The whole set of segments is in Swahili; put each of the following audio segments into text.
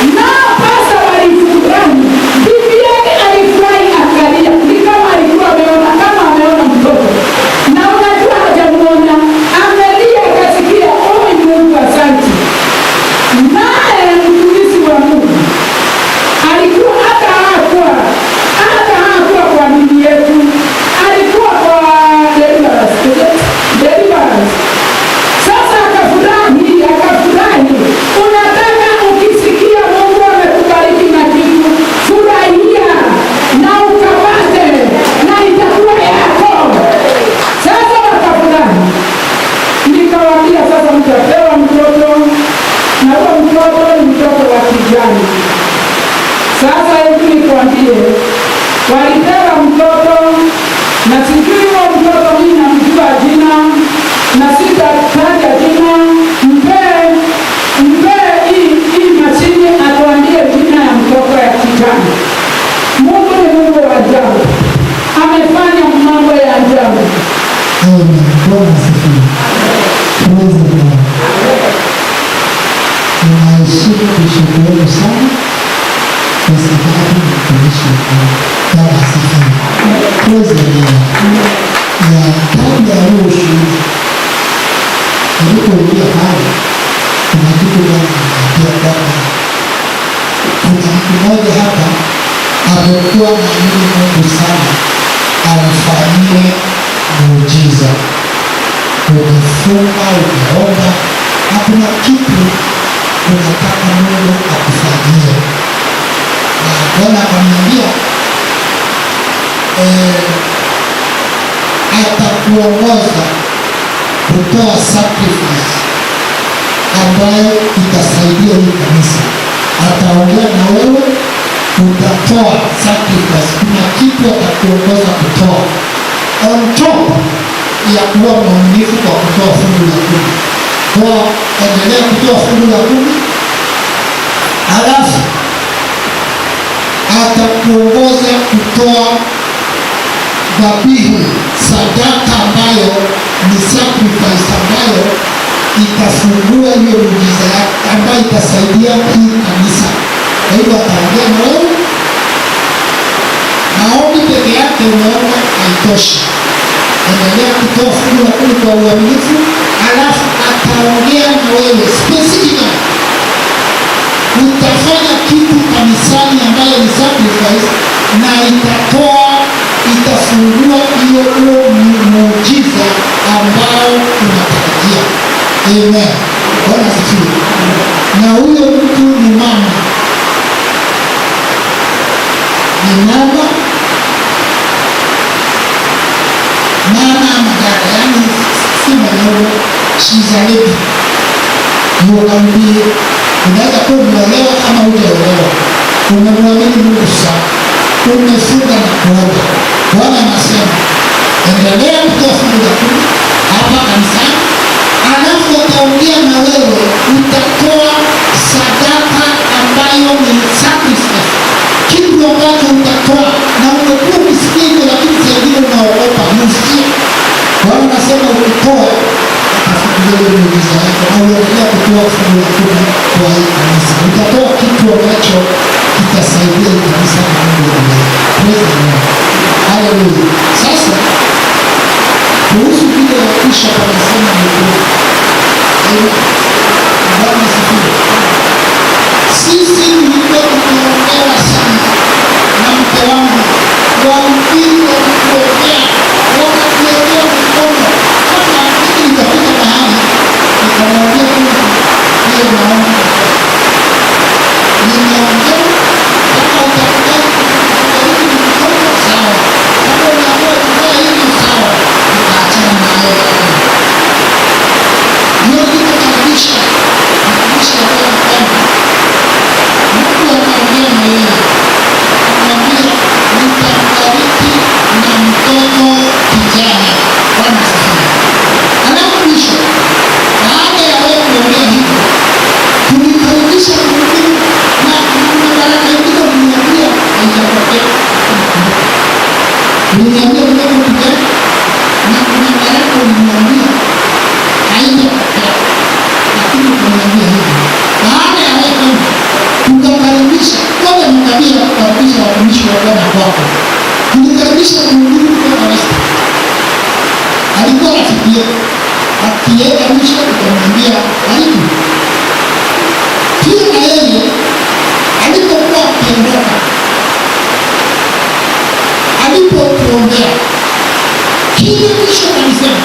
No! mtoto wa kike walipewa mtoto na sijui wa mtoto mimi namjua jina na sitataja jina, mpee mpee hii mashine atuambie jina ya mtoto ya kijana. Mungu ni Mungu wa ajabu, amefanya mambo ya ajabu. Tunaishi kushukuru sana nisibaki mtumishi wala sifa kuzania na kabla ya huo ushuhuda alipoingia pale, kuna kitu Mungu sana, amfanyie muujiza, umefunga umeomba, hakuna kitu unataka Mungu akufanyie Bwana akamwambia eh, atakuongoza kutoa sacrifice ambayo itasaidia hii kanisa. Ataongea na wewe, utatoa sacrifice, kuna kitu atakuongoza kutoa on top ya kuwa mwaminifu kwa kutoa fungu la kumi. Kwa endelea kutoa fungu la kumi halafu atakuongoza kutoa dhabihu, sadaka ambayo ni sacrifice, ambayo itafungua hiyo miujiza yake, ambayo itasaidia hii kanisa. Kwa hivyo ataongea maombi maoni peke yake unaona haitoshi. Endelea kutoa fungu la kumi kwa uaminifu. Kinoma, mama mganga, yani si maneno, she's a lady. Niwaambie, unaweza kuwa umeolewa ama hujaolewa, umemwamini Mungu sana, umefunga na kuomba. Bwana anasema endelea kutoa fungu la kumi hapa kanisani, alafu wataongea kutoa atafikiria miujiza yako, auendelea kutoa fungu la kumi kwa kitu ambacho kitasaidia hii kanisa kuendelea. kisha alihudumu kama rasta. Alikuwa rafiki yetu, akienda mwisho tukamwambia karibu. Pia na yeye alipokuwa akiondoka, alipotuombea kile mwisho alisema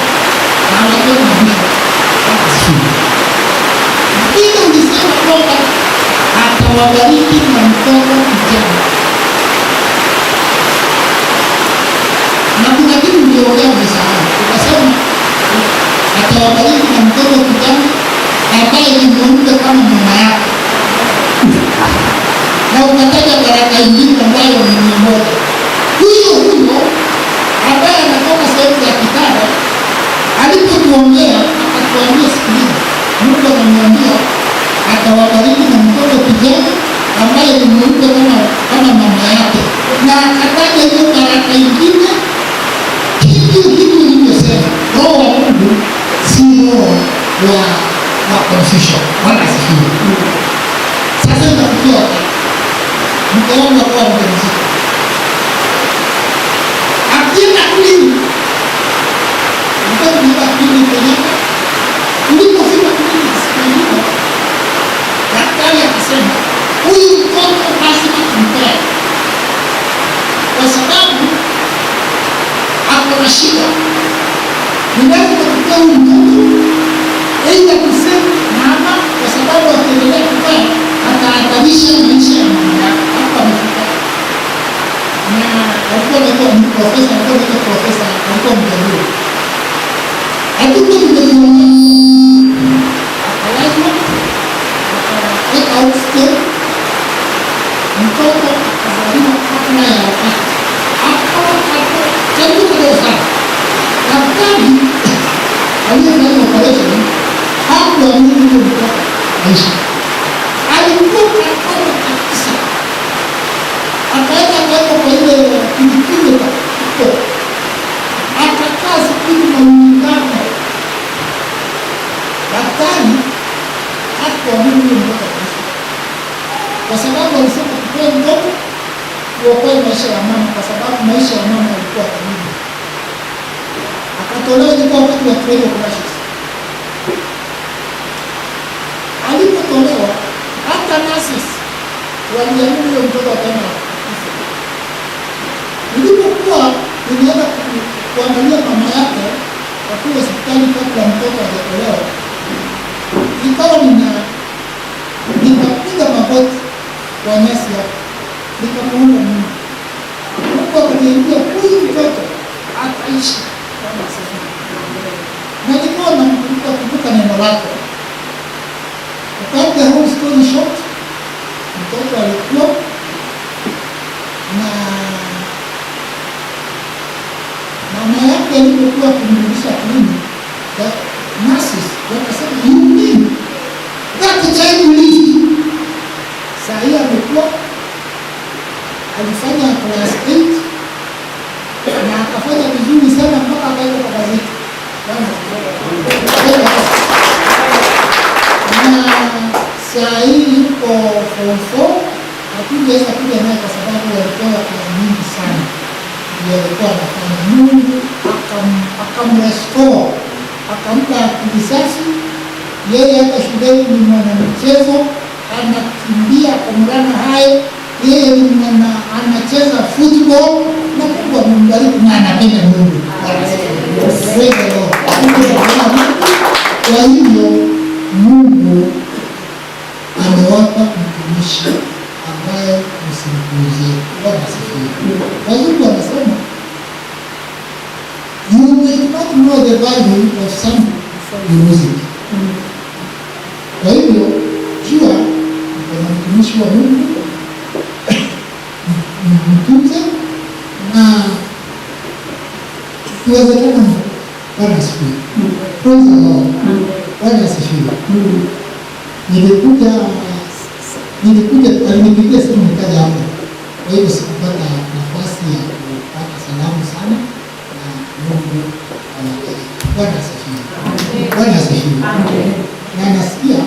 anaona mwisho akasifu, ulisema kwamba atawaangalia na ukataja baraka ingine ambayo ni mmoja huyo huyo ambaye anatoka sehemu ya Kitara alipotuongea akatuambia, sikiliza, Mungu ananiambia atawabariki na mtoto kijana ambaye ni mweupe kama kama mama yake, na akataja hiyo baraka ingine kitu kitu ilivyosema roho wa Mungu si roho wa wa confusion. Bwana asifiwe. Sasa yake mkononi wa kuwa mjamzito. Akienda klimu mtoto klimu kwenyewe ulipofika klimu sikuiua, daktari akasema huyu mtoto lazima tumpee, kwa sababu ako na shida. Ninaweza kupea huyu mtoto aidha kusema mama, kwa sababu akiendelea Christian mission that outcome. Nah, outcome itu profesional, outcome itu profesional, outcome itu. Aku tuh maisha ya mama alikuwa kamili. Akatolewa, ilikuwa wakati wa trade of rushes. Alipotolewa hata nurses waliamini yule mtoto akaenda kufa. Nilipokuwa nilienda kuangalia mama yake katika hospitali kabla mtoto hajatolewa, ikawa nina nikapiga magoti kwa nyasi yake kuja naye kwa sababu walikuwa kazi nyingi sana, ndio alikuwa anafanya. Mungu akamrestore, akampa akili safi. Yeye hata shuleni ni mwanamichezo, anakimbia kumrana haye, yeye anacheza football na Mungu amembariki na anapenda Mungu. Kwa hiyo Mungu amewapa mtumishi ambaye asikuze Bwana asifiwe. Wazungu wanasema you may not know the value of some music. Kwa hivyo jua kuna mtumishi wa Mungu mtunze na ikiwezekana, Bwana asifiwe. Praise the Lord. Bwana asifiwe. Nilikuja nilikuja alinipigia siku nikaja hapo. kwa hiyo sikupata nafasi ya kupata salamu sana na Mungu Bwana asifiwe, Bwana asifiwe. Na nasikia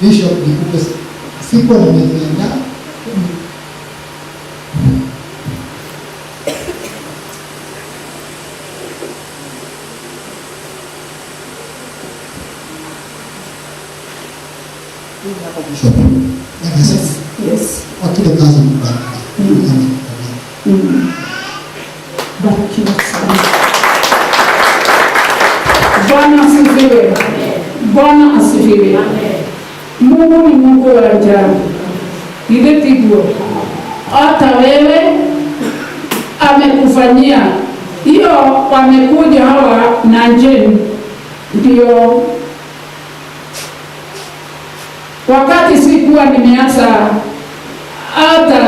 Bishop nikupe siku nimejiandaa Yes. Mm. Mm. Bwana asifiwe. Bwana asifiwe. Mungu ni Mungu wa ajabu. Ile pigo hata wewe amekufanyia hiyo, wamekuja hawa na njeni ndio Wakati sikuwa nimeanza hata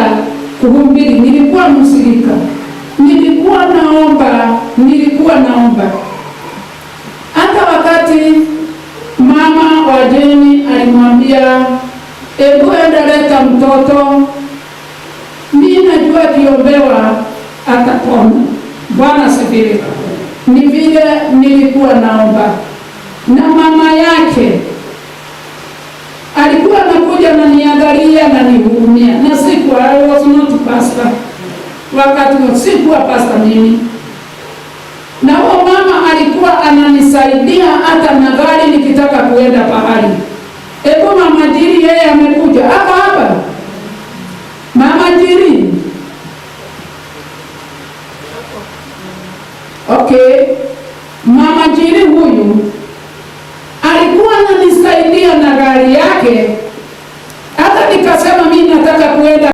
kuhubiri, nilikuwa mshirika, nilikuwa naomba, nilikuwa naomba. Hata wakati mama wa Jeni alimwambia, ebu enda leta mtoto, mimi najua kiombewa atapona. Bwana sifiwe. Ni vile nilikuwa naomba na mama yake alikuwa anakuja ananiangalia na nihurumia, na sikuwa I was not pastor wakati, sikuwa pastor mimi, na huo mama alikuwa ananisaidia hata na gari nikitaka kuenda pahali. Hebu mama jiri, yeye amekuja hapa hapa, mama jiri, okay